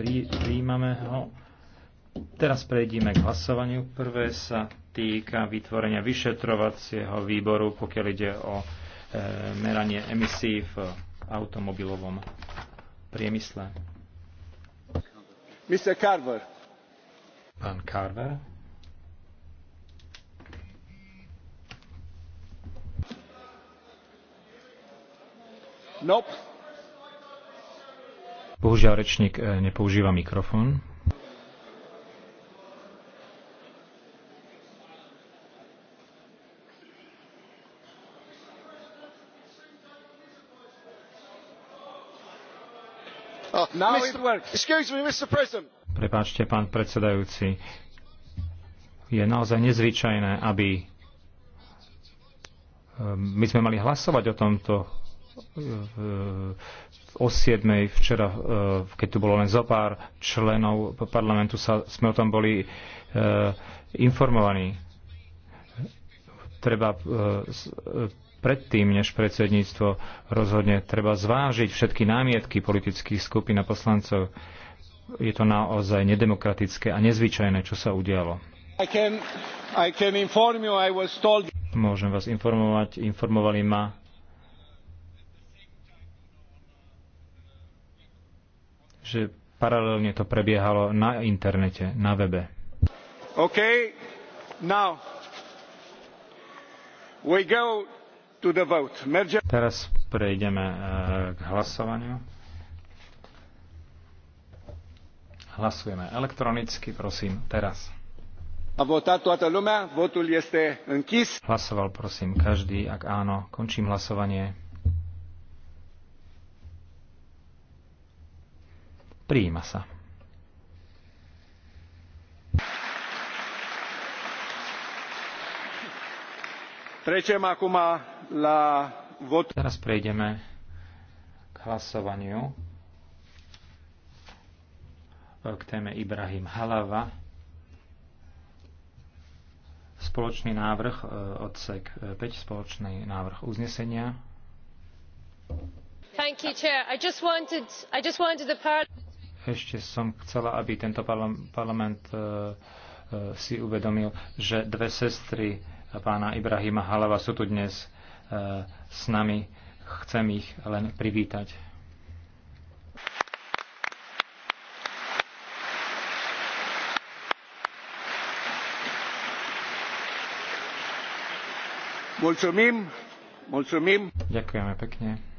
prí, príjmame ho. No, teraz prejdeme k hlasovaniu. Prvé sa týka vytvorenia vyšetrovacieho výboru, pokiaľ ide o e, meranie emisí v automobilovom priemysle. Mr. Carver. Pán Carver. Nope. Bohužiaľ, rečník e, nepoužíva mikrofón. Oh, Prepáčte, pán predsedajúci. Je naozaj nezvyčajné, aby e, my sme mali hlasovať o tomto o 7. včera, e, keď tu bolo len zo pár členov parlamentu, sa, sme o tom boli e, informovaní. Treba e, predtým, než predsedníctvo rozhodne, treba zvážiť všetky námietky politických skupín a poslancov. Je to naozaj nedemokratické a nezvyčajné, čo sa udialo. I can, I can inform you, I was told... Môžem vás informovať, informovali ma, že paralelne to prebiehalo na internete, na webe. OK, now we go to the vote. Merger... Teraz prejdeme eh, k hlasovaniu. Hlasujeme elektronicky, prosím, teraz. A votat toată lumea, votul este închis. Hlasoval, prosím, každý, ak áno, končím hlasovanie. Prijíma sa. Teraz prejdeme k hlasovaniu e, k téme Ibrahim Halava. Spoločný návrh e, odsek 5, e, spoločný návrh uznesenia. You, wanted, wanted the ešte som chcela, aby tento parlament e, e, si uvedomil, že dve sestry pána Ibrahima Halava sú tu dnes e, s nami. Chcem ich len privítať. Mulțumim, mulțumim. Ďakujeme pekne.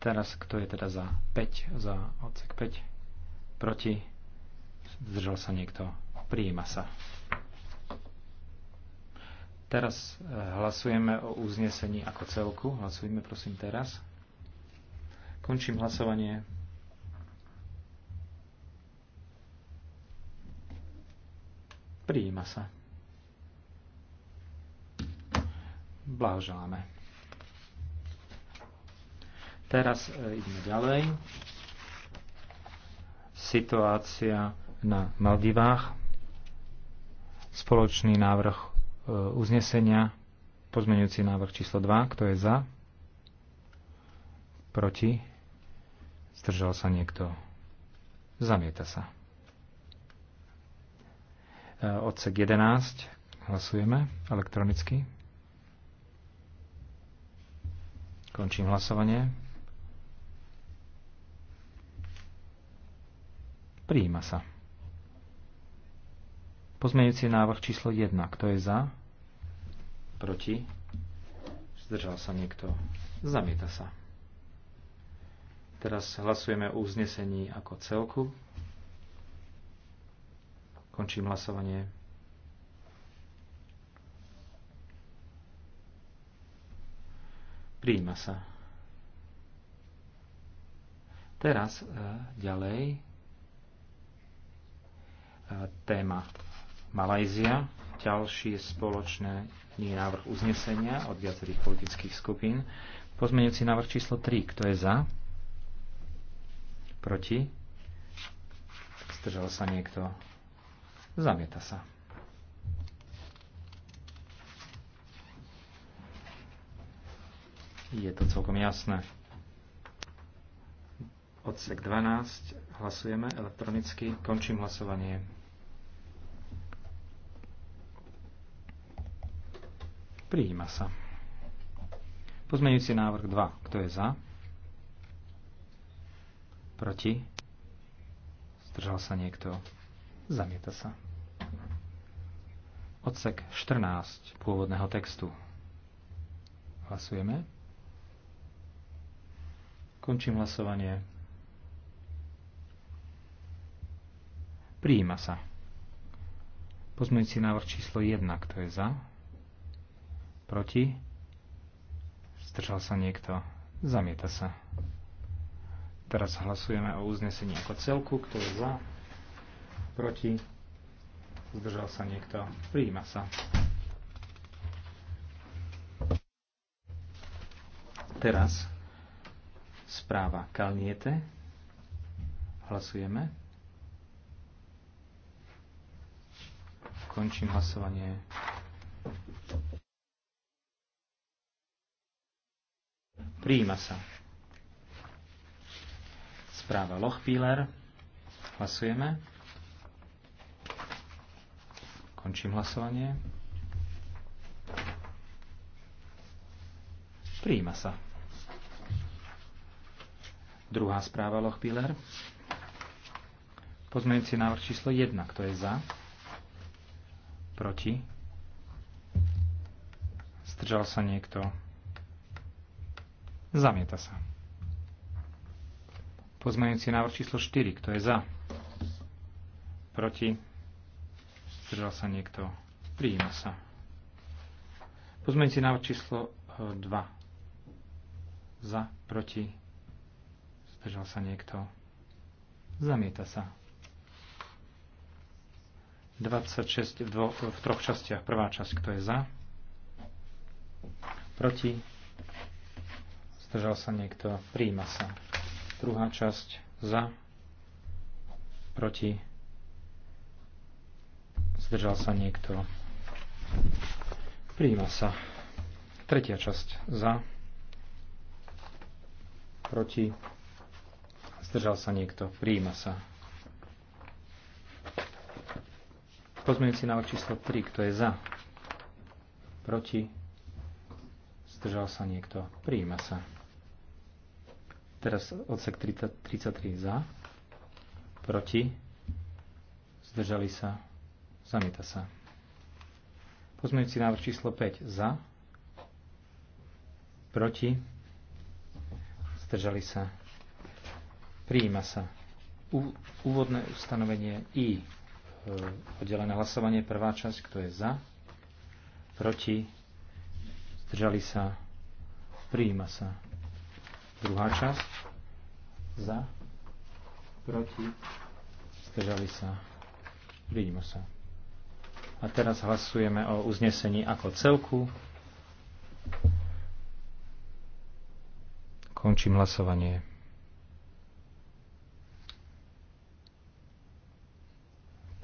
Teraz kto je teda za 5, za odsek 5, proti, zdržal sa niekto, prijíma sa. Teraz e, hlasujeme o uznesení ako celku. Hlasujme prosím teraz. Končím hlasovanie. Prijíma sa. Blahoželáme. Teraz e, ideme ďalej. Situácia na Maldivách. Spoločný návrh e, uznesenia. Pozmeňujúci návrh číslo 2. Kto je za? Proti? Zdržal sa niekto? Zamieta sa. E, odsek 11. Hlasujeme elektronicky. Končím hlasovanie. Prijíma sa. Pozmeňujúci návrh číslo 1. Kto je za? Proti? Zdržal sa niekto? Zamieta sa. Teraz hlasujeme o uznesení ako celku. Končím hlasovanie. Prijíma sa. Teraz e, ďalej téma Malajzia, ďalšie spoločné návrh uznesenia od viacerých politických skupín. Pozmeňujúci návrh číslo 3, kto je za? Proti? Zdržal sa niekto? Zamieta sa. Je to celkom jasné. Odsek 12. Hlasujeme elektronicky. Končím hlasovanie. Prijíma sa. Pozmeňujúci návrh 2. Kto je za? Proti? Zdržal sa niekto? Zamieta sa. Odsek 14 pôvodného textu. Hlasujeme. Končím hlasovanie. Prijíma sa. Pozmeňujúci návrh číslo 1. Kto je za? Proti? Zdržal sa niekto? Zamieta sa. Teraz hlasujeme o uznesení ako celku. Kto je za? Proti? Zdržal sa niekto? Prijíma sa. Teraz správa Kalniete. Hlasujeme. Končím hlasovanie. Prijíma sa. Správa Lochpíler. Hlasujeme. Končím hlasovanie. Prijíma sa. Druhá správa Lochpíler. Pozmeňujúci návrh číslo 1. Kto je za? Proti? Zdržal sa niekto? Zamieta sa. Pozmeňujúci návrh číslo 4. Kto je za? Proti? Zdržal sa niekto? Prijíma sa. Pozmeňujúci návrh číslo 2. E, za? Proti? Zdržal sa niekto? Zamieta sa. 26 v, dvo, v troch častiach. Prvá časť, kto je za? Proti? Zdržal sa niekto? príjma sa. Druhá časť za, proti, zdržal sa niekto. príjma sa. Tretia časť za, proti, zdržal sa niekto. príjma sa. Pozmeňujúci návrh číslo 3, kto je za, proti, zdržal sa niekto. príjma sa. Teraz odsek 30, 33 za, proti, zdržali sa, zamieta sa. Pozmeňujúci návrh číslo 5 za, proti, zdržali sa, prijíma sa. U, úvodné ustanovenie I, e, oddelené hlasovanie, prvá časť, kto je za, proti, zdržali sa, prijíma sa. Druhá časť. Za. Proti. Zdržali sa. Vidíme sa. A teraz hlasujeme o uznesení ako celku. Končím hlasovanie.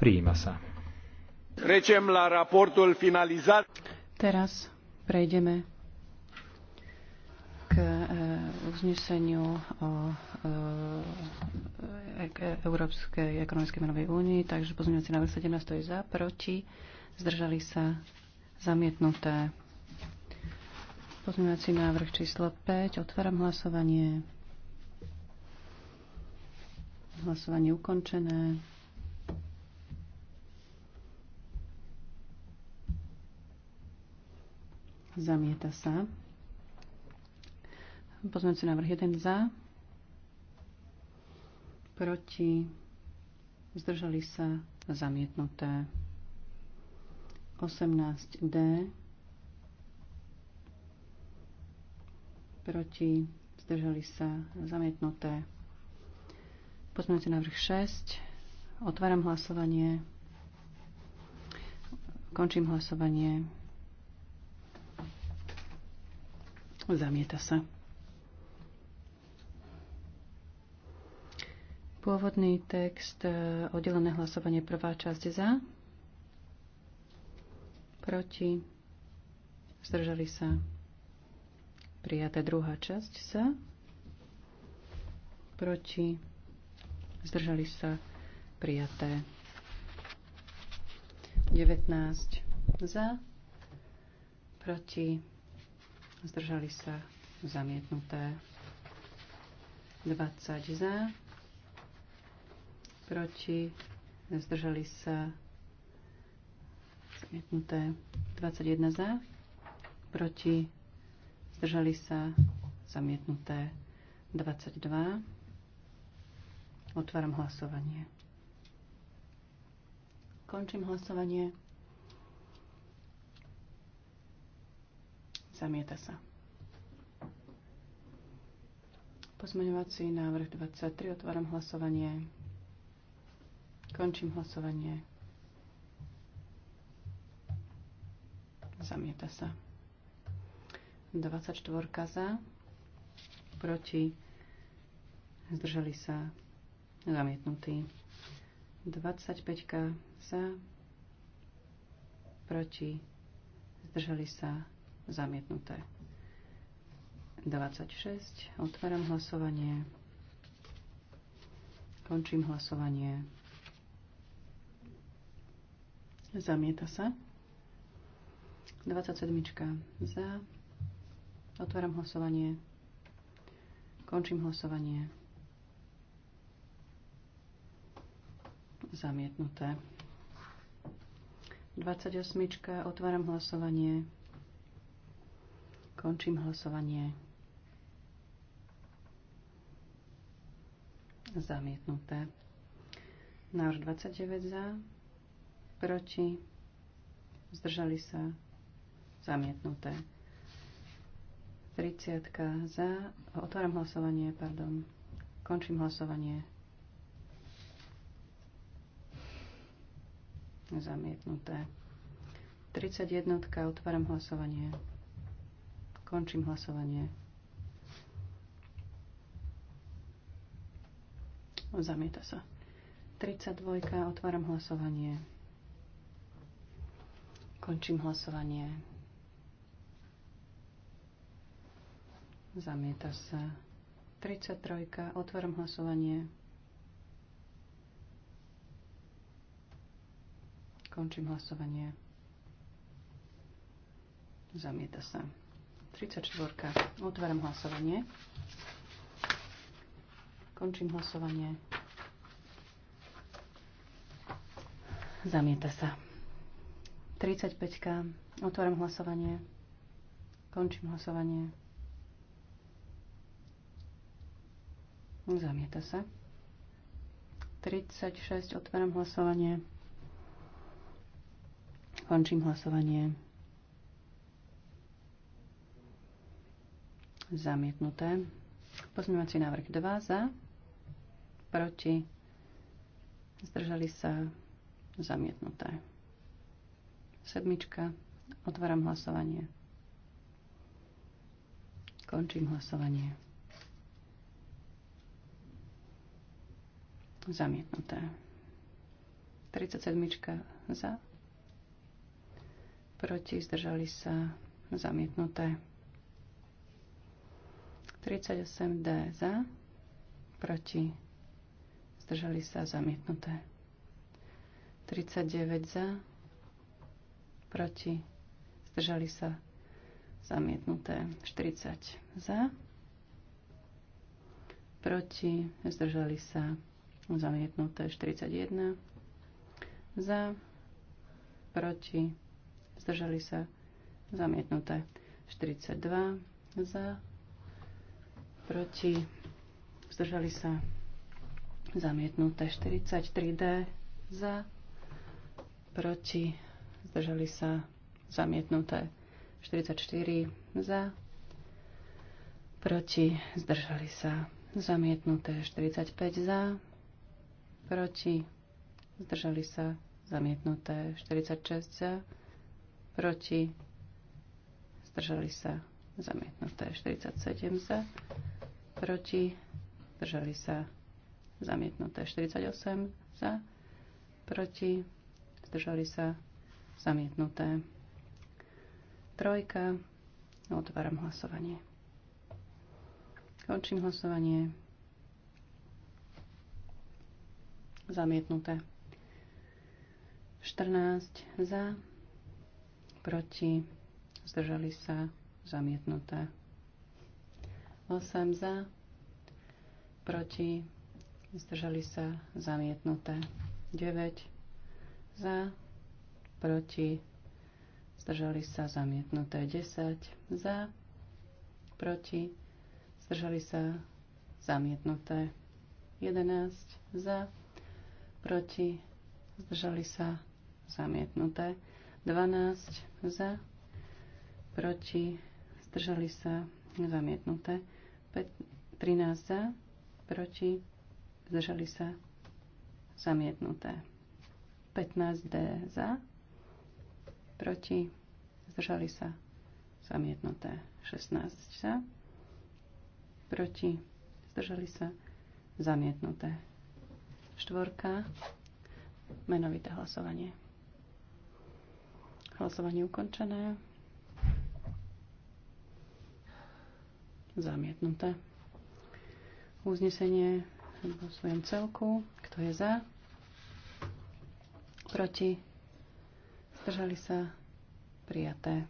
Prijíma sa. Teraz prejdeme uzneseniu o e, e, Európskej ekonomickej menovej únii, takže pozmeňujúci návrh 17 je za, proti, zdržali sa zamietnuté. Pozmeňujúci návrh číslo 5, otváram hlasovanie. Hlasovanie ukončené. Zamieta sa. Pozmeňujúci návrh 1 za. Proti. Zdržali sa zamietnuté. 18D. Proti. Zdržali sa zamietnuté. Pozmeňujúci návrh 6. Otváram hlasovanie. Končím hlasovanie. Zamieta sa. Pôvodný text, e, oddelené hlasovanie, prvá časť za, proti, zdržali sa, prijaté druhá časť za, proti, zdržali sa, prijaté 19 za, proti, zdržali sa, zamietnuté 20 za, proti, zdržali sa zamietnuté 21 za, proti, zdržali sa zamietnuté 22. Otváram hlasovanie. Končím hlasovanie. Zamieta sa. Pozmeňovací návrh 23. Otváram hlasovanie. Končím hlasovanie. Zamieta sa. 24 za. Proti. Zdržali sa. Zamietnutí. 25 za. Proti. Zdržali sa. Zamietnuté. 26. Otváram hlasovanie. Končím hlasovanie. Zamieta sa. 27. Za. Otváram hlasovanie. Končím hlasovanie. Zamietnuté. 28. Otváram hlasovanie. Končím hlasovanie. Zamietnuté. Návrh 29 za proti, zdržali sa, zamietnuté. 30 za, otváram hlasovanie, pardon, končím hlasovanie. Zamietnuté. 31 otváram hlasovanie, končím hlasovanie. Zamieta sa. 32. Otváram hlasovanie. Končím hlasovanie. Zamieta sa. 33. Otváram hlasovanie. Končím hlasovanie. Zamieta sa. 34. Otváram hlasovanie. Končím hlasovanie. Zamieta sa. 35. Otváram hlasovanie. Končím hlasovanie. Zamieta sa. 36. Otváram hlasovanie. Končím hlasovanie. Zamietnuté. Pozmievací návrh 2 za. Proti. Zdržali sa. Zamietnuté. Sedmička. Otváram hlasovanie. Končím hlasovanie. Zamietnuté. 37. za. Proti zdržali sa zamietnuté. 38D za. Proti zdržali sa zamietnuté. 39 za proti, zdržali sa zamietnuté 40 za, proti, zdržali sa zamietnuté 41 za, proti, zdržali sa zamietnuté 42 za, proti, zdržali sa zamietnuté 43D za, proti, zdržali sa zamietnuté 44 za, proti zdržali sa zamietnuté 45 za, proti zdržali sa zamietnuté 46 za, proti zdržali sa zamietnuté 47 za, proti zdržali sa zamietnuté 48 za, proti zdržali sa Zamietnuté. Trojka. Otváram hlasovanie. Končím hlasovanie. Zamietnuté. 14 za, proti, zdržali sa, zamietnuté. 8 za, proti, zdržali sa, zamietnuté. 9 za, proti, zdržali sa zamietnuté 10 za, proti, zdržali sa zamietnuté 11 za, proti, zdržali sa zamietnuté 12 za, proti, zdržali sa zamietnuté 13 za, proti, zdržali sa zamietnuté 15D za, proti, zdržali sa, zamietnuté 16 za, proti, zdržali sa, zamietnuté štvorka, menovité hlasovanie. Hlasovanie ukončené. Zamietnuté. Uznesenie vo svojom celku. Kto je za? Proti? Zdržali sa? Prijaté.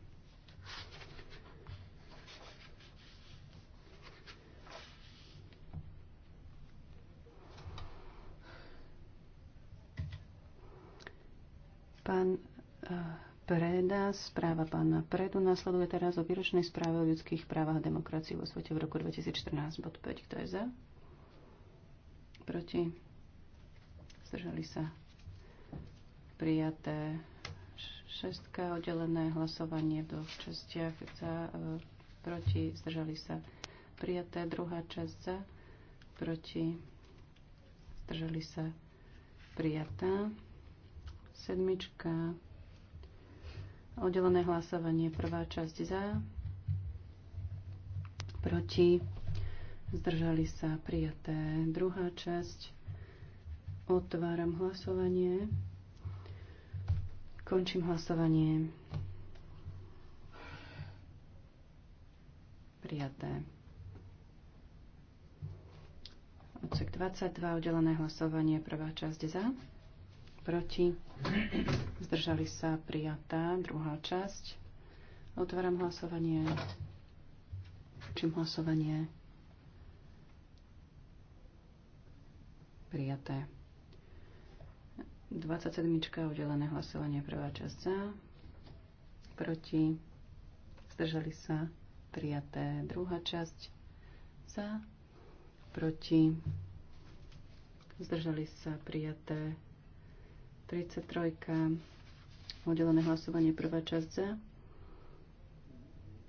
Pán eh, Preda, správa pána Predu následuje teraz o výročnej správe o ľudských právach a demokracii vo svete v roku 2014, bod 5. Kto je za? Proti? Zdržali sa? Prijaté Šestka, oddelené hlasovanie v dvoch častiach za, e, proti, zdržali sa prijaté. Druhá časť za, proti, zdržali sa prijatá. Sedmička, oddelené hlasovanie, prvá časť za, proti, zdržali sa prijaté. Druhá časť, otváram hlasovanie. Končím hlasovanie. Prijaté. Odsek 22, oddelené hlasovanie, prvá časť za, proti, zdržali sa, prijatá, druhá časť. Otváram hlasovanie. Čím hlasovanie? Prijaté. 27. oddelené hlasovanie, prvá časť za, proti, zdržali sa, prijaté. Druhá časť za, proti, zdržali sa, prijaté. 33. oddelené hlasovanie, prvá časť za,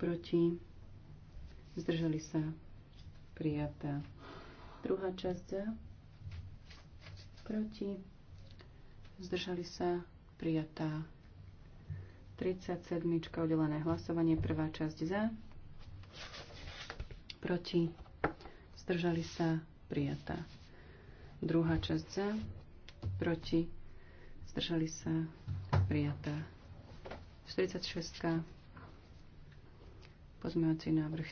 proti, zdržali sa, prijatá. Druhá časť za, proti, zdržali sa, prijatá. 37. oddelené hlasovanie, prvá časť za, proti, zdržali sa, prijatá. Druhá časť za, proti, zdržali sa, prijatá. 46. Pozmeňovací návrh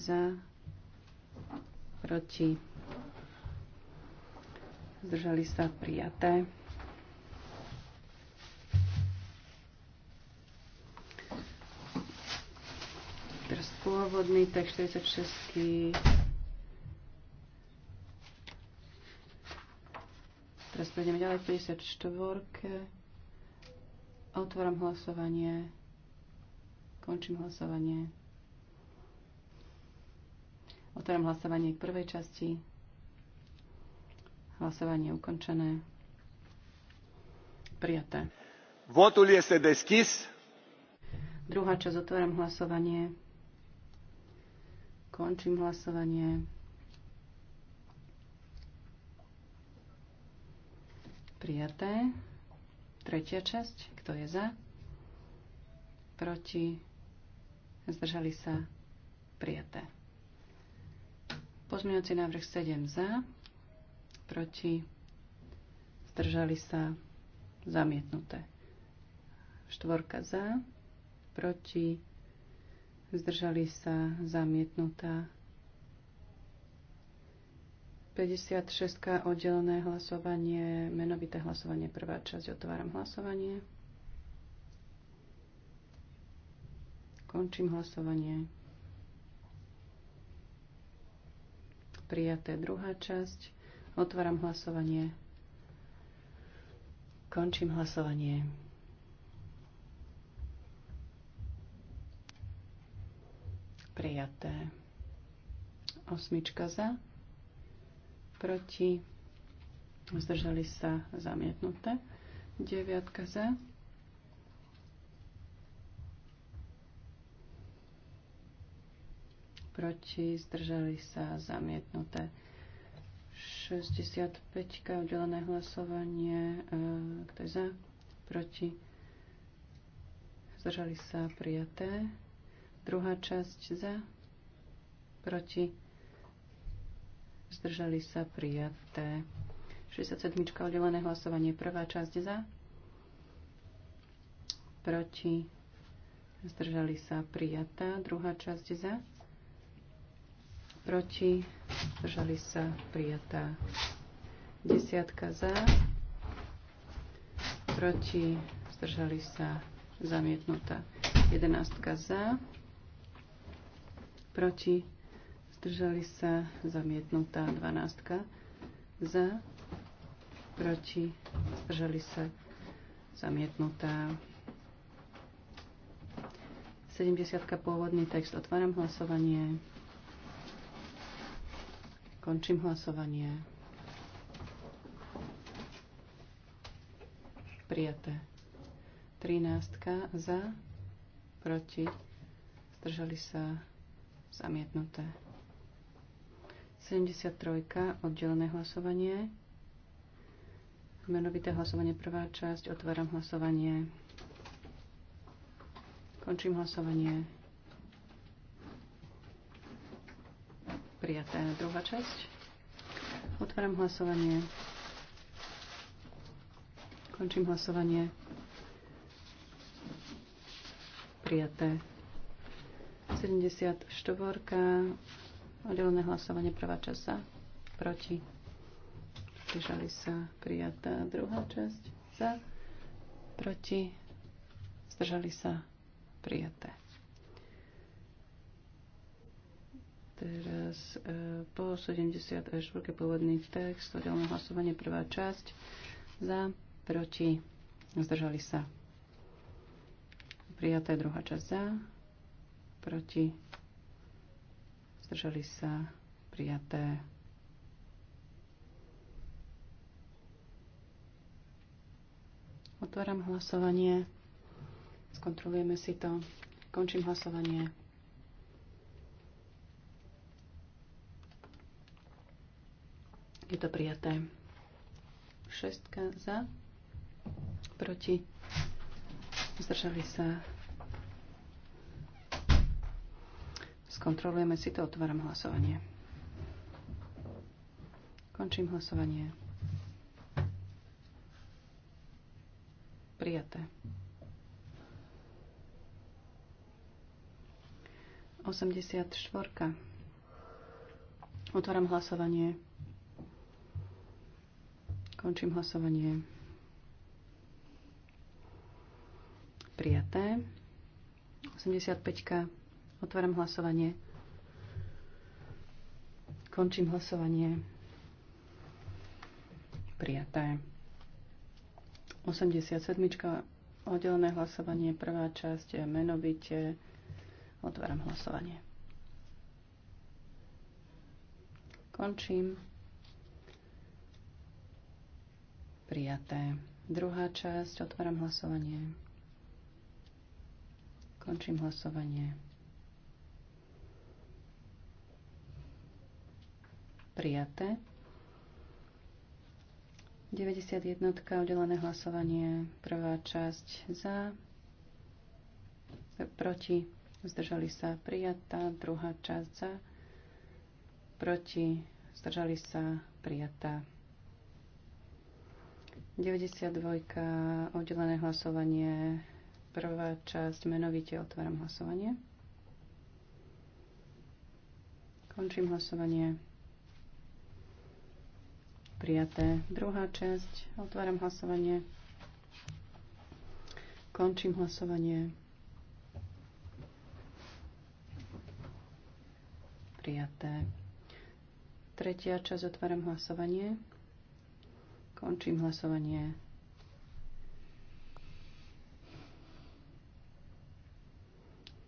3 za, proti, zdržali sa, prijaté. Pôvodný text 46. Teraz prejdeme ďalej 54. Otváram hlasovanie. Končím hlasovanie. Otváram hlasovanie k prvej časti. Hlasovanie ukončené. Prijaté. Votul este deschis. Druhá časť, otváram hlasovanie. Končím hlasovanie. Prijaté. Tretia časť. Kto je za? Proti? Zdržali sa? Prijaté. Pozmeňujúci návrh 7 za, proti, zdržali sa, zamietnuté. Štvorka za, proti, zdržali sa zamietnutá. 56. oddelené hlasovanie, menovité hlasovanie, prvá časť, otváram hlasovanie. Končím hlasovanie. Prijaté druhá časť. Otváram hlasovanie. Končím hlasovanie. prijaté. Osmička za, proti, zdržali sa zamietnuté. Deviatka za, proti, zdržali sa zamietnuté. 65. oddelené hlasovanie, e, kto je za, proti, zdržali sa prijaté. Druhá časť za, proti, zdržali sa prijaté. 67. oddelené hlasovanie. Prvá časť za, proti, zdržali sa prijatá. Druhá časť za, proti, zdržali sa prijatá. Desiatka za, proti, zdržali sa zamietnutá. Jedenástka za, proti, zdržali sa, zamietnutá 12 za, proti, zdržali sa, zamietnutá 70 pôvodný text, otváram hlasovanie, končím hlasovanie, prijaté 13 za, proti, zdržali sa, Zamietnuté. 73. Oddelené hlasovanie. Menovité hlasovanie prvá časť. Otváram hlasovanie. Končím hlasovanie. Prijaté. Druhá časť. Otváram hlasovanie. Končím hlasovanie. Prijaté. 74. Oddelené hlasovanie, prvá časť za, proti. Zdržali sa prijatá druhá časť za, proti. Zdržali sa prijaté. Teraz e, po 74. pôvodný text, oddelené hlasovanie, prvá časť za, proti. Zdržali sa prijaté druhá časť za, proti, zdržali sa prijaté. Otváram hlasovanie. Skontrolujeme si to. Končím hlasovanie. Je to prijaté. Šestka za, proti, zdržali sa Skontrolujeme si to, otváram hlasovanie. Končím hlasovanie. Prijaté. 84. Otváram hlasovanie. Končím hlasovanie. Prijaté. 85. Otváram hlasovanie. Končím hlasovanie. Prijaté. 87. Oddelené hlasovanie, prvá časť, menovite. Otváram hlasovanie. Končím. Prijaté. Druhá časť, otváram hlasovanie. Končím hlasovanie. prijaté. 91. oddelené hlasovanie, prvá časť za, proti, zdržali sa prijatá, druhá časť za, proti, zdržali sa prijatá. 92. oddelené hlasovanie, prvá časť, menovite otváram hlasovanie. Končím hlasovanie. Prijaté. Druhá časť. Otváram hlasovanie. Končím hlasovanie. Prijaté. Tretia časť. Otváram hlasovanie. Končím hlasovanie.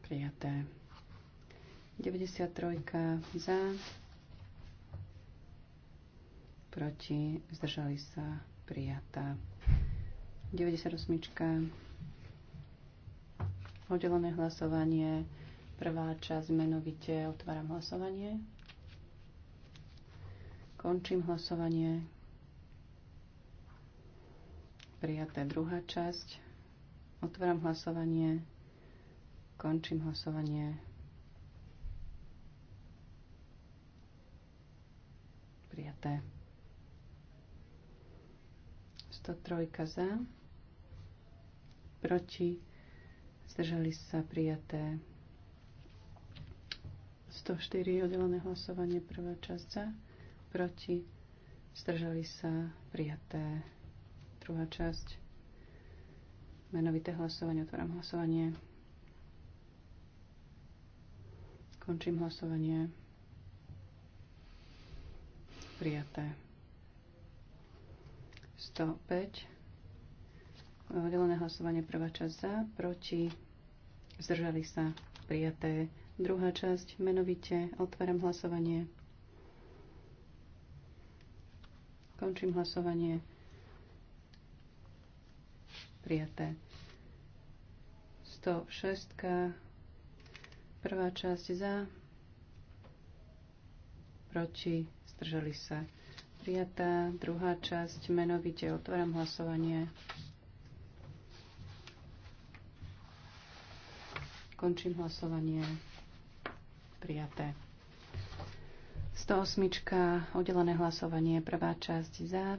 Prijaté. 93 za proti, zdržali sa, prijatá. 98. Oddelené hlasovanie, prvá časť menovite, otváram hlasovanie. Končím hlasovanie. Prijatá druhá časť. Otváram hlasovanie. Končím hlasovanie. Prijaté. 103 za, proti, zdržali sa prijaté 104 oddelené hlasovanie, prvá časť za, proti, zdržali sa prijaté druhá časť, menovité hlasovanie, otváram hlasovanie, končím hlasovanie, prijaté. 105. Delené hlasovanie prvá časť za, proti, zdržali sa prijaté. Druhá časť menovite. Otváram hlasovanie. Končím hlasovanie. Prijaté. 106. Prvá časť za, proti, zdržali sa Prijatá druhá časť menovite. Otváram hlasovanie. Končím hlasovanie. Prijaté. 108. Oddelené hlasovanie. Prvá časť za.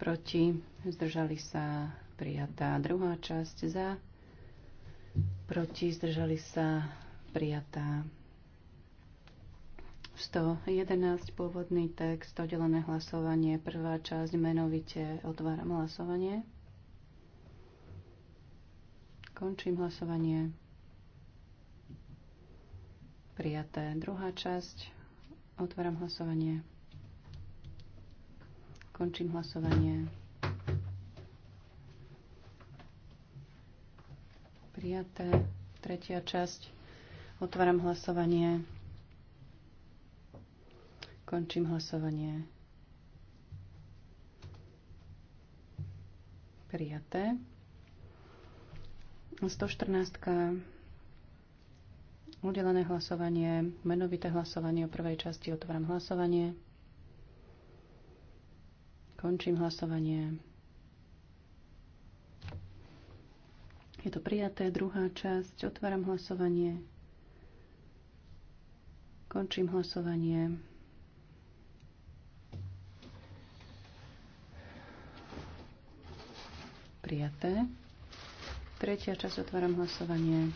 Proti. Zdržali sa. Prijatá. Druhá časť za. Proti. Zdržali sa. Prijatá. 111 pôvodný text, oddelené hlasovanie, prvá časť menovite, otváram hlasovanie. Končím hlasovanie. Prijaté druhá časť, otváram hlasovanie. Končím hlasovanie. Prijaté tretia časť, otváram hlasovanie. Končím hlasovanie. Prijaté. 114. Udelené hlasovanie, menovité hlasovanie o prvej časti. Otváram hlasovanie. Končím hlasovanie. Je to prijaté. Druhá časť. Otváram hlasovanie. Končím hlasovanie. prijaté. Tretia časť otváram hlasovanie.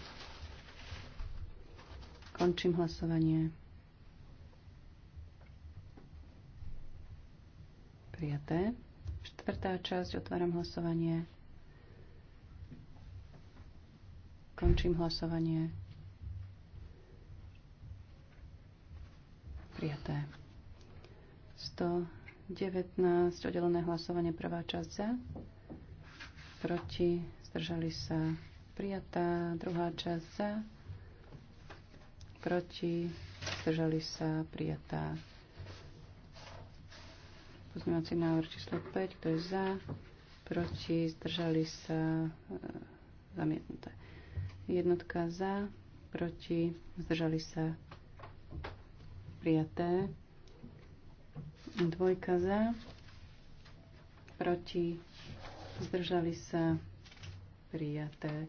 Končím hlasovanie. Prijaté. Štvrtá časť otváram hlasovanie. Končím hlasovanie. Prijaté. 119 oddelené hlasovanie prvá časť za proti, zdržali sa prijatá. Druhá časť za, proti, zdržali sa prijatá. Pozmývací návrh číslo 5, kto je za, proti, zdržali sa e, zamietnuté. Jednotka za, proti, zdržali sa prijaté. Dvojka za, proti, zdržali sa, prijaté.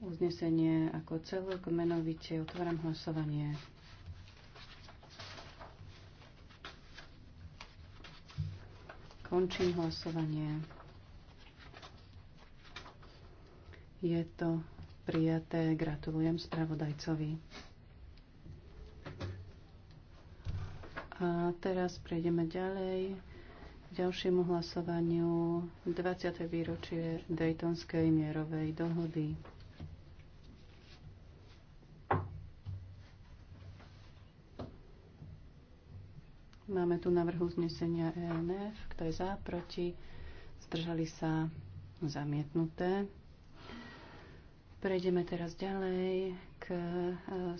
Uznesenie ako celok, menovite, otváram hlasovanie. Končím hlasovanie. Je to prijaté. Gratulujem spravodajcovi. A teraz prejdeme ďalej ďalšiemu hlasovaniu 20. výročie Daytonskej mierovej dohody. Máme tu návrh uznesenia ENF. Kto je za, proti? Zdržali sa zamietnuté. Prejdeme teraz ďalej k e,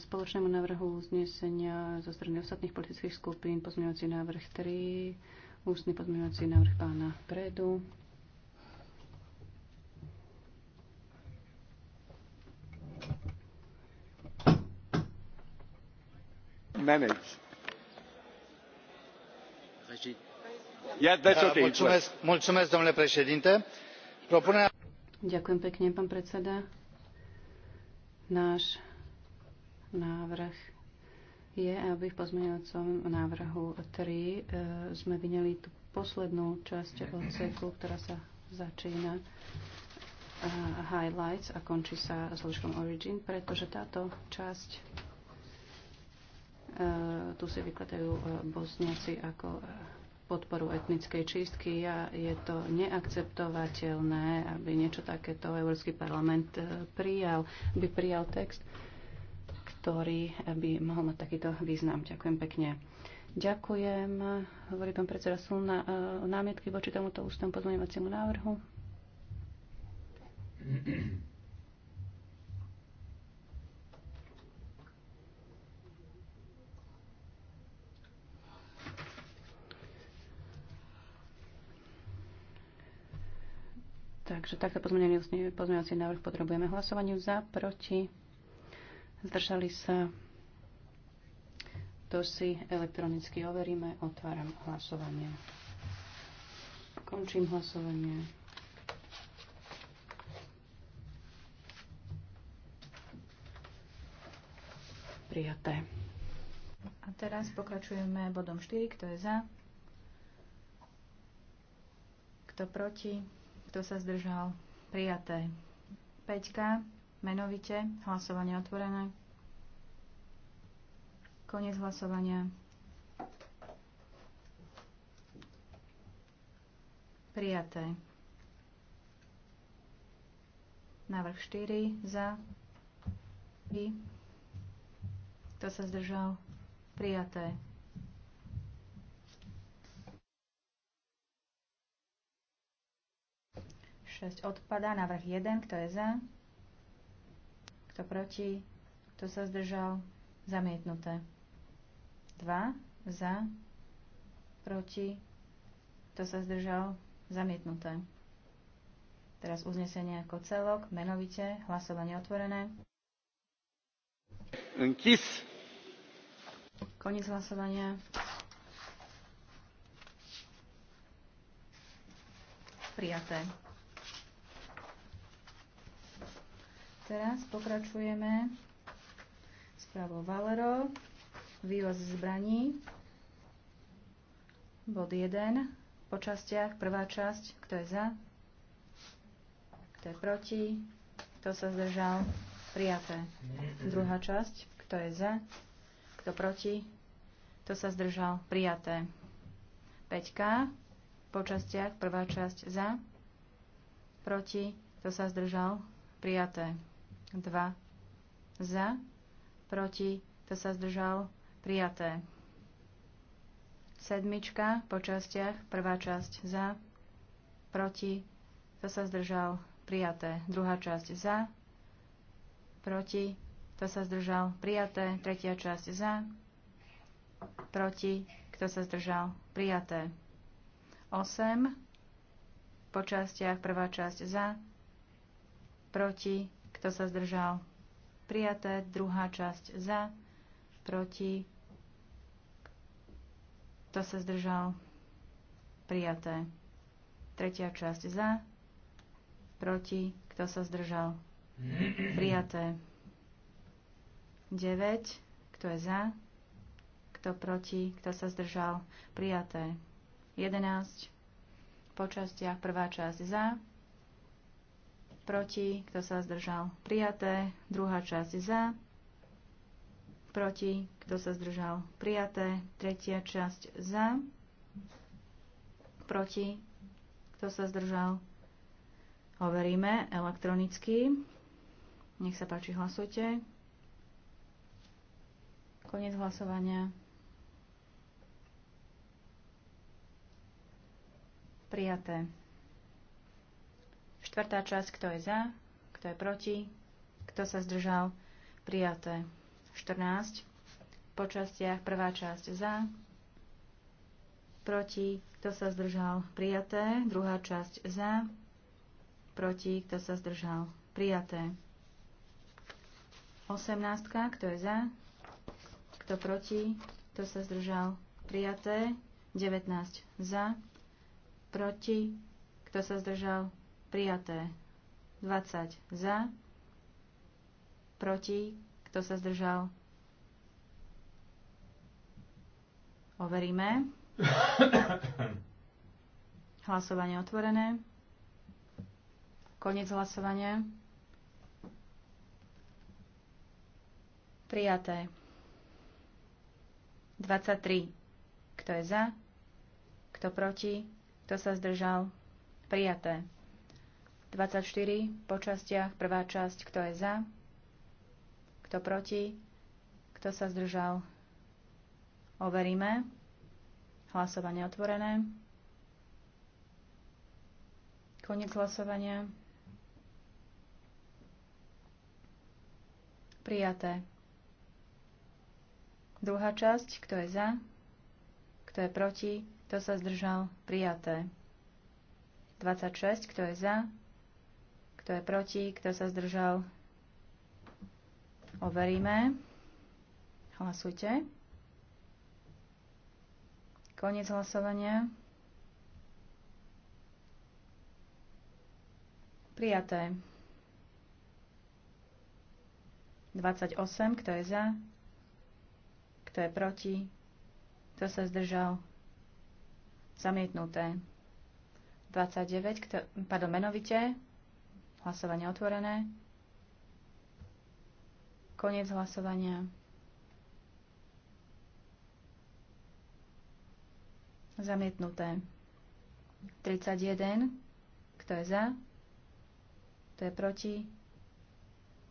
spoločnému návrhu uznesenia zo strany ostatných politických skupín. Pozmeňovací návrh 3 Ústny pozmeňovací návrh pána Predu. Mulțumesc, mulțumesc, domnule președinte. Propunerea... Ďakujem pekne, pán predseda. Náš návrh je, aby v pozmeňovacom návrhu 3 e, sme vyneli tú poslednú časť odseku, ktorá sa začína e, highlights a končí sa zložkom origin, pretože táto časť e, tu si vykladajú bosniaci ako podporu etnickej čistky a je to neakceptovateľné, aby niečo takéto Európsky parlament prijal, by prijal text, ktorý by mohol mať takýto význam. Ďakujem pekne. Ďakujem. Hovorí pán predseda, sú na, e, námietky voči tomuto ústnom pozmeňovaciemu návrhu? Takže takto pozmeňovací návrh potrebujeme hlasovaniu za, proti. Zdržali sa. To si elektronicky overíme. Otváram hlasovanie. Končím hlasovanie. Prijaté. A teraz pokračujeme bodom 4. Kto je za? Kto proti? Kto sa zdržal? Prijaté. 5. Menovite. Hlasovanie otvorené. Koniec hlasovania. Prijaté. Návrh 4 za. Vy. Kto sa zdržal? Prijaté. Šesť odpada. Návrh 1. Kto je za? Kto proti? Kto sa zdržal? Zamietnuté. 2 za, proti, kto sa zdržal? Zamietnuté. Teraz uznesenie ako celok, menovite, hlasovanie otvorené. Kis. Koniec hlasovania. Prijaté. Teraz pokračujeme pravou Valero, vývoz zbraní, bod 1, po častiach, prvá časť, kto je za, kto je proti, kto sa zdržal, prijaté. Druhá časť, kto je za, kto proti, kto sa zdržal, prijaté. 5K, po častiach, prvá časť za, proti, kto sa zdržal, prijaté. 2 za, proti, to sa zdržal, prijaté. Sedmička po častiach, prvá časť za, proti, kto sa zdržal, prijaté. Druhá časť za, proti, kto sa zdržal, prijaté. Tretia časť za, proti, kto sa zdržal, prijaté. 8 po častiach, prvá časť za, proti, kto sa zdržal? Prijaté. Druhá časť za. Proti. Kto sa zdržal? Prijaté. Tretia časť za. Proti. Kto sa zdržal? Prijaté. 9. Kto je za? Kto proti? Kto sa zdržal? Prijaté. 11. Po častiach prvá časť za proti, kto sa zdržal, prijaté. Druhá časť za, proti, kto sa zdržal, prijaté. Tretia časť za, proti, kto sa zdržal, overíme elektronicky. Nech sa páči, hlasujte. Koniec hlasovania. Prijaté. Štvrtá časť, kto je za, kto je proti, kto sa zdržal, prijaté. 14. Po častiach prvá časť za, proti, kto sa zdržal, prijaté. Druhá časť za, proti, kto sa zdržal, prijaté. 18. Kto je za? Kto proti? Kto sa zdržal? Prijaté. 19. Za. Proti. Kto sa zdržal? prijaté 20 za, proti, kto sa zdržal. Overíme. Hlasovanie otvorené. Koniec hlasovania. Prijaté. 23. Kto je za? Kto proti? Kto sa zdržal? Prijaté. 24 po častiach. Prvá časť, kto je za, kto proti, kto sa zdržal. Overíme. Hlasovanie otvorené. Konec hlasovania. Prijaté. Druhá časť, kto je za, kto je proti, kto sa zdržal, prijaté. 26, kto je za, kto je proti? Kto sa zdržal? Overíme. Hlasujte. Koniec hlasovania. Prijaté. 28. Kto je za? Kto je proti? Kto sa zdržal? Zamietnuté. 29. Kto, pardon, menovite. Hlasovanie otvorené. Koniec hlasovania. Zamietnuté. 31. Kto je za? Kto je proti?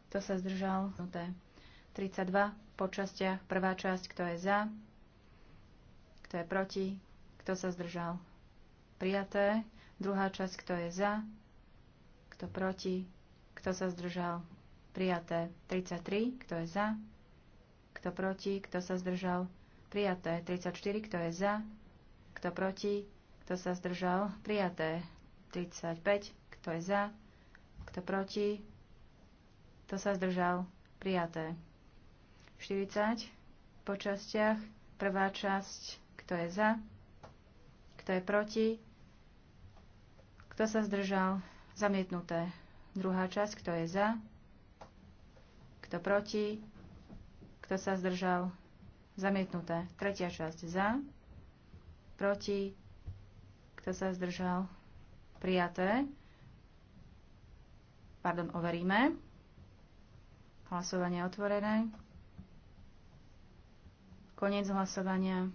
Kto sa zdržal? 32. Počastia. Prvá časť. Kto je za? Kto je proti? Kto sa zdržal? Prijaté. Druhá časť. Kto je za? kto proti, kto sa zdržal, prijaté 33, kto je za, kto proti, kto sa zdržal, prijaté 34, kto je za, kto proti, kto sa zdržal, prijaté 35, kto je za, kto proti, kto sa zdržal, prijaté 40 po častiach, prvá časť, kto je za, kto je proti, kto sa zdržal, Zamietnuté. Druhá časť, kto je za, kto proti, kto sa zdržal. Zamietnuté. Tretia časť za, proti, kto sa zdržal. Prijaté. Pardon, overíme. Hlasovanie otvorené. Koniec hlasovania.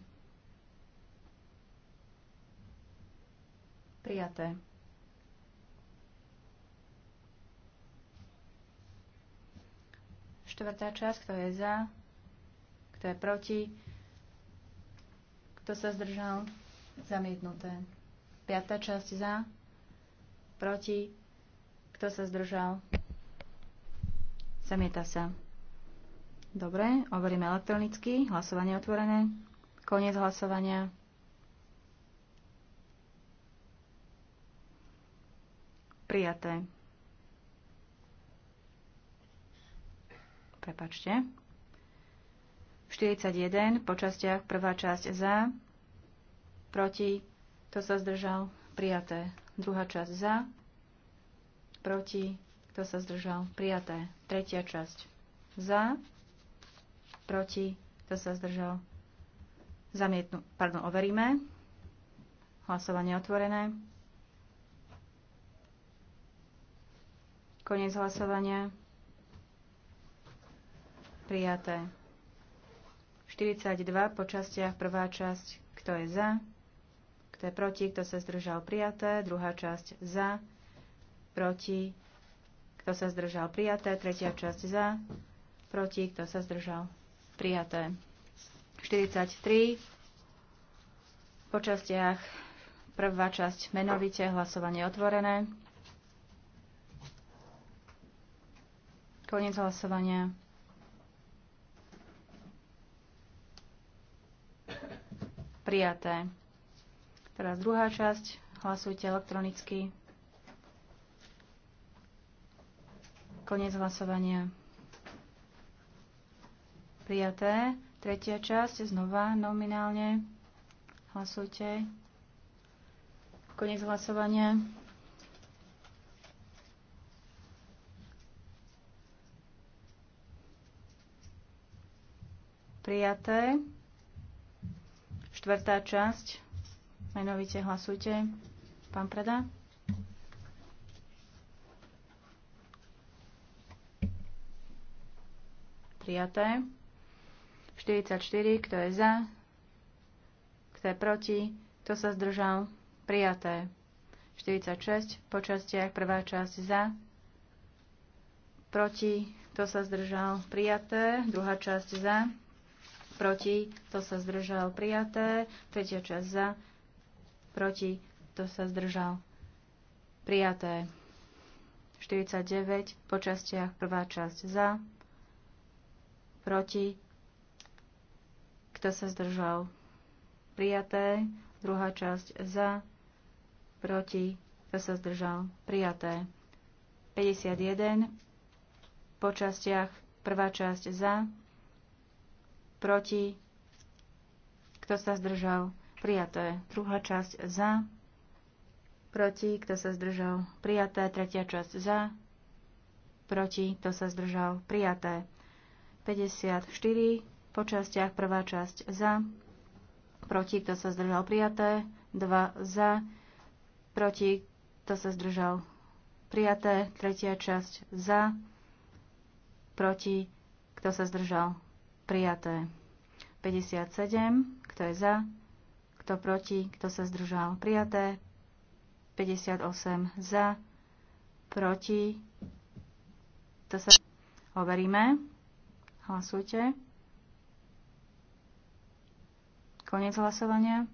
Prijaté. Štvrtá časť, kto je za, kto je proti, kto sa zdržal, zamietnuté. Piatá časť za, proti, kto sa zdržal, zamieta sa. Dobre, overíme elektronicky, hlasovanie otvorené, koniec hlasovania. Prijaté. prepačte. 41 po častiach, prvá časť za, proti, kto sa zdržal, prijaté. Druhá časť za, proti, kto sa zdržal, prijaté. Tretia časť za, proti, kto sa zdržal, zamietnú, pardon, overíme. Hlasovanie otvorené. Koniec hlasovania prijaté. 42 po častiach, prvá časť, kto je za, kto je proti, kto sa zdržal prijaté, druhá časť za, proti, kto sa zdržal prijaté, tretia časť za, proti, kto sa zdržal prijaté. 43 po častiach, prvá časť menovite, hlasovanie otvorené. Koniec hlasovania. Prijaté. Teraz druhá časť. Hlasujte elektronicky. Koniec hlasovania. Prijaté. Tretia časť. Znova nominálne. Hlasujte. Koniec hlasovania. Prijaté. Štvrtá časť. Menovite hlasujte. Pán Preda. Prijaté. 44. Kto je za? Kto je proti? Kto sa zdržal? Prijaté. 46. Po častiach. Prvá časť za. Proti. Kto sa zdržal? Prijaté. Druhá časť za proti, to sa zdržal prijaté, tretia časť za, proti, to sa zdržal prijaté. 49 po častiach prvá časť za, proti, kto sa zdržal prijaté, druhá časť za, proti, kto sa zdržal prijaté. 51 po častiach prvá časť za, proti, kto sa zdržal, prijaté. Druhá časť za, proti, kto sa zdržal, prijaté. Tretia časť za, proti, kto sa zdržal, prijaté. 54 po častiach, prvá časť za, proti, kto sa zdržal, prijaté. 2 za, proti, kto sa zdržal, prijaté. Tretia časť za, proti, kto sa zdržal, prijaté. 57, kto je za, kto proti, kto sa zdržal, prijaté. 58 za, proti, to sa overíme. Hlasujte. Konec hlasovania.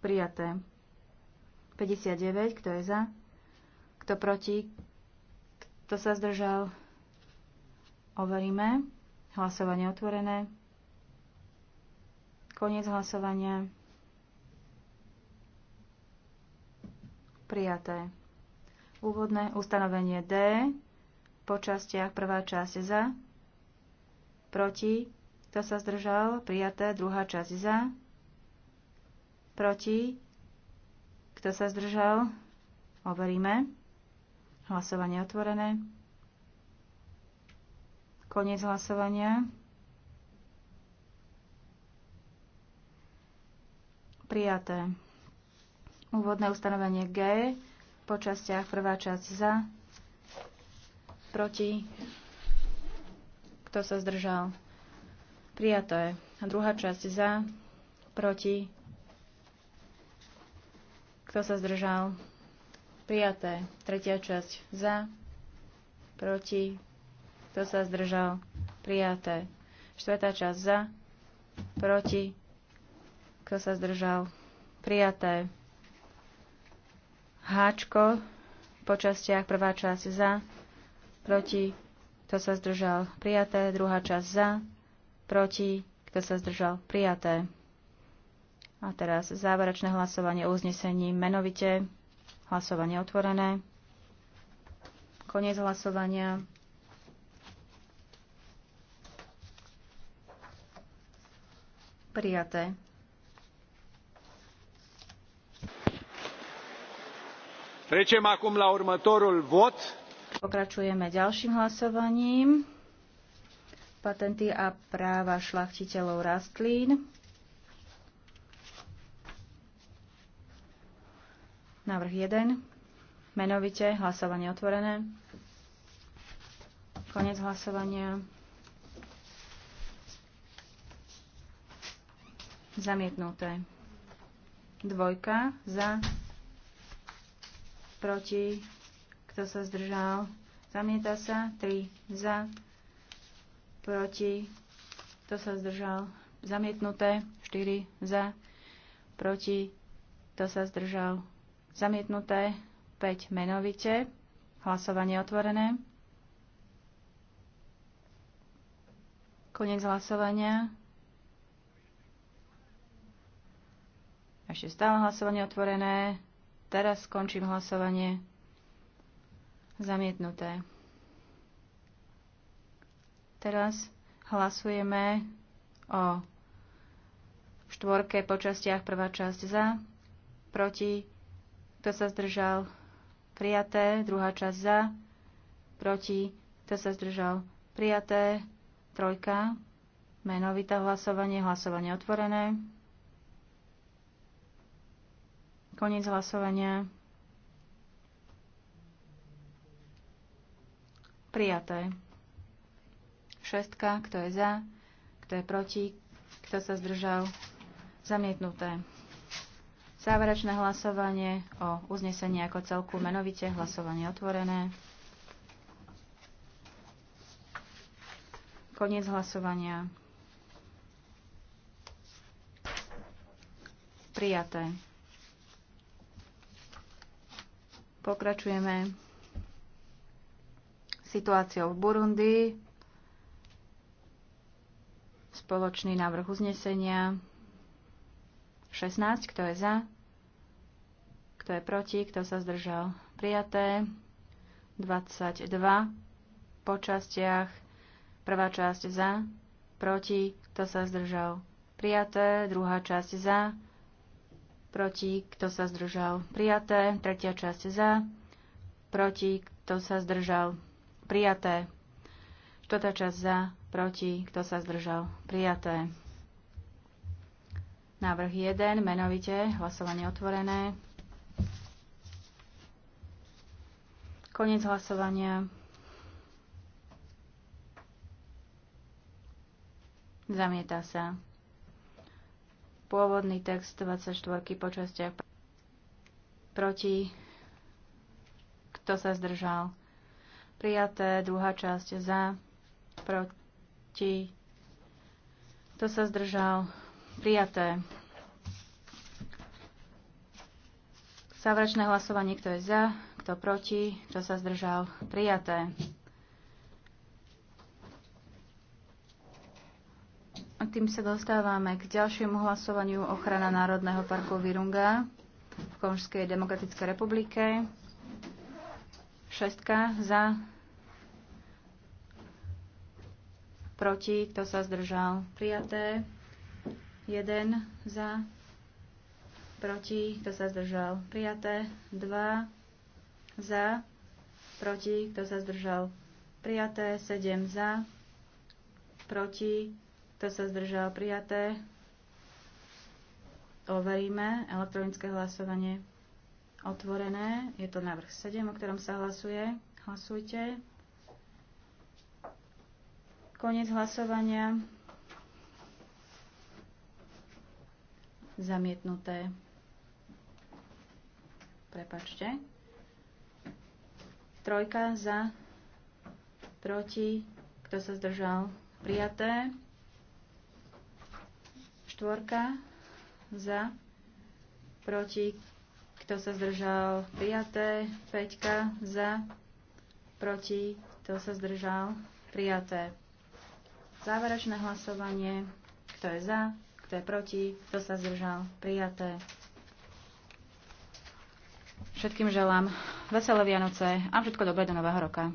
Prijaté. 59, kto je za? Kto proti? Kto sa zdržal? Overíme. Hlasovanie otvorené. Koniec hlasovania. Prijaté. Úvodné ustanovenie D. Po častiach prvá časť za. Proti. Kto sa zdržal? Prijaté. Druhá časť za. Proti. Kto sa zdržal? Overíme. Hlasovanie otvorené. Koniec hlasovania. Prijaté. Úvodné ustanovenie G. Po častiach prvá časť za. Proti. Kto sa zdržal? Prijaté. A druhá časť za. Proti. Kto sa zdržal? Prijaté. Tretia časť za, proti, kto sa zdržal. Prijaté. Štvrtá časť za, proti, kto sa zdržal. Prijaté. Háčko po častiach. Prvá časť za, proti, kto sa zdržal. Prijaté. Druhá časť za, proti, kto sa zdržal. Prijaté. A teraz záverečné hlasovanie o uznesení menovite. Hlasovanie otvorené. Koniec hlasovania. Prijaté. Trecem acum la următorul vot. Pokračujeme ďalším hlasovaním. Patenty a práva šlachtiteľov rastlín. Návrh 1. Menovite. Hlasovanie otvorené. Konec hlasovania. Zamietnuté. Dvojka za. Proti. Kto sa zdržal? Zamieta sa. 3 za. Proti. Kto sa zdržal? Zamietnuté. 4 za. Proti. Kto sa zdržal? Zamietnuté 5 menovite. Hlasovanie otvorené. Konec hlasovania. Ešte stále hlasovanie otvorené. Teraz skončím hlasovanie. Zamietnuté. Teraz hlasujeme o štvorke po častiach prvá časť za, proti, kto sa zdržal? Prijaté. Druhá časť za. Proti. Kto sa zdržal? Prijaté. Trojka. Menovité hlasovanie. Hlasovanie otvorené. Koniec hlasovania. Prijaté. Šestka. Kto je za? Kto je proti? Kto sa zdržal? Zamietnuté. Záverečné hlasovanie o uznesení ako celku menovite. Hlasovanie otvorené. Koniec hlasovania. Prijaté. Pokračujeme situáciou v Burundi. Spoločný návrh uznesenia. 16. Kto je za? Kto je proti? Kto sa zdržal? Prijaté. 22 po častiach. Prvá časť za, proti, kto sa zdržal. Prijaté. Druhá časť za, proti, kto sa zdržal. Prijaté. Tretia časť za, proti, kto sa zdržal. Prijaté. Štvrtá časť za, proti, kto sa zdržal. Prijaté. Návrh 1, menovite, hlasovanie otvorené. Koniec hlasovania. Zamieta sa. Pôvodný text 24 po častiach. Proti. Kto sa zdržal? Prijaté druhá časť za. Proti. Kto sa zdržal? Prijaté. Závračné hlasovanie, kto je za, kto proti? Kto sa zdržal? Prijaté. A tým sa dostávame k ďalšiemu hlasovaniu ochrana Národného parku Virunga v Konžskej demokratickej republike. Šestka za. Proti, kto sa zdržal? Prijaté. Jeden za. Proti, kto sa zdržal? Prijaté. Dva za, proti, kto sa zdržal. Prijaté 7 za, proti, kto sa zdržal. Prijaté. Overíme elektronické hlasovanie otvorené. Je to návrh 7, o ktorom sa hlasuje. Hlasujte. Koniec hlasovania. Zamietnuté. Prepačte. Trojka za, proti, kto sa zdržal, prijaté. Štvorka za, proti, kto sa zdržal, prijaté. Peťka za, proti, kto sa zdržal, prijaté. Záverečné hlasovanie, kto je za, kto je proti, kto sa zdržal, prijaté. Všetkým želám veselé Vianoce a všetko dobré do Nového roka.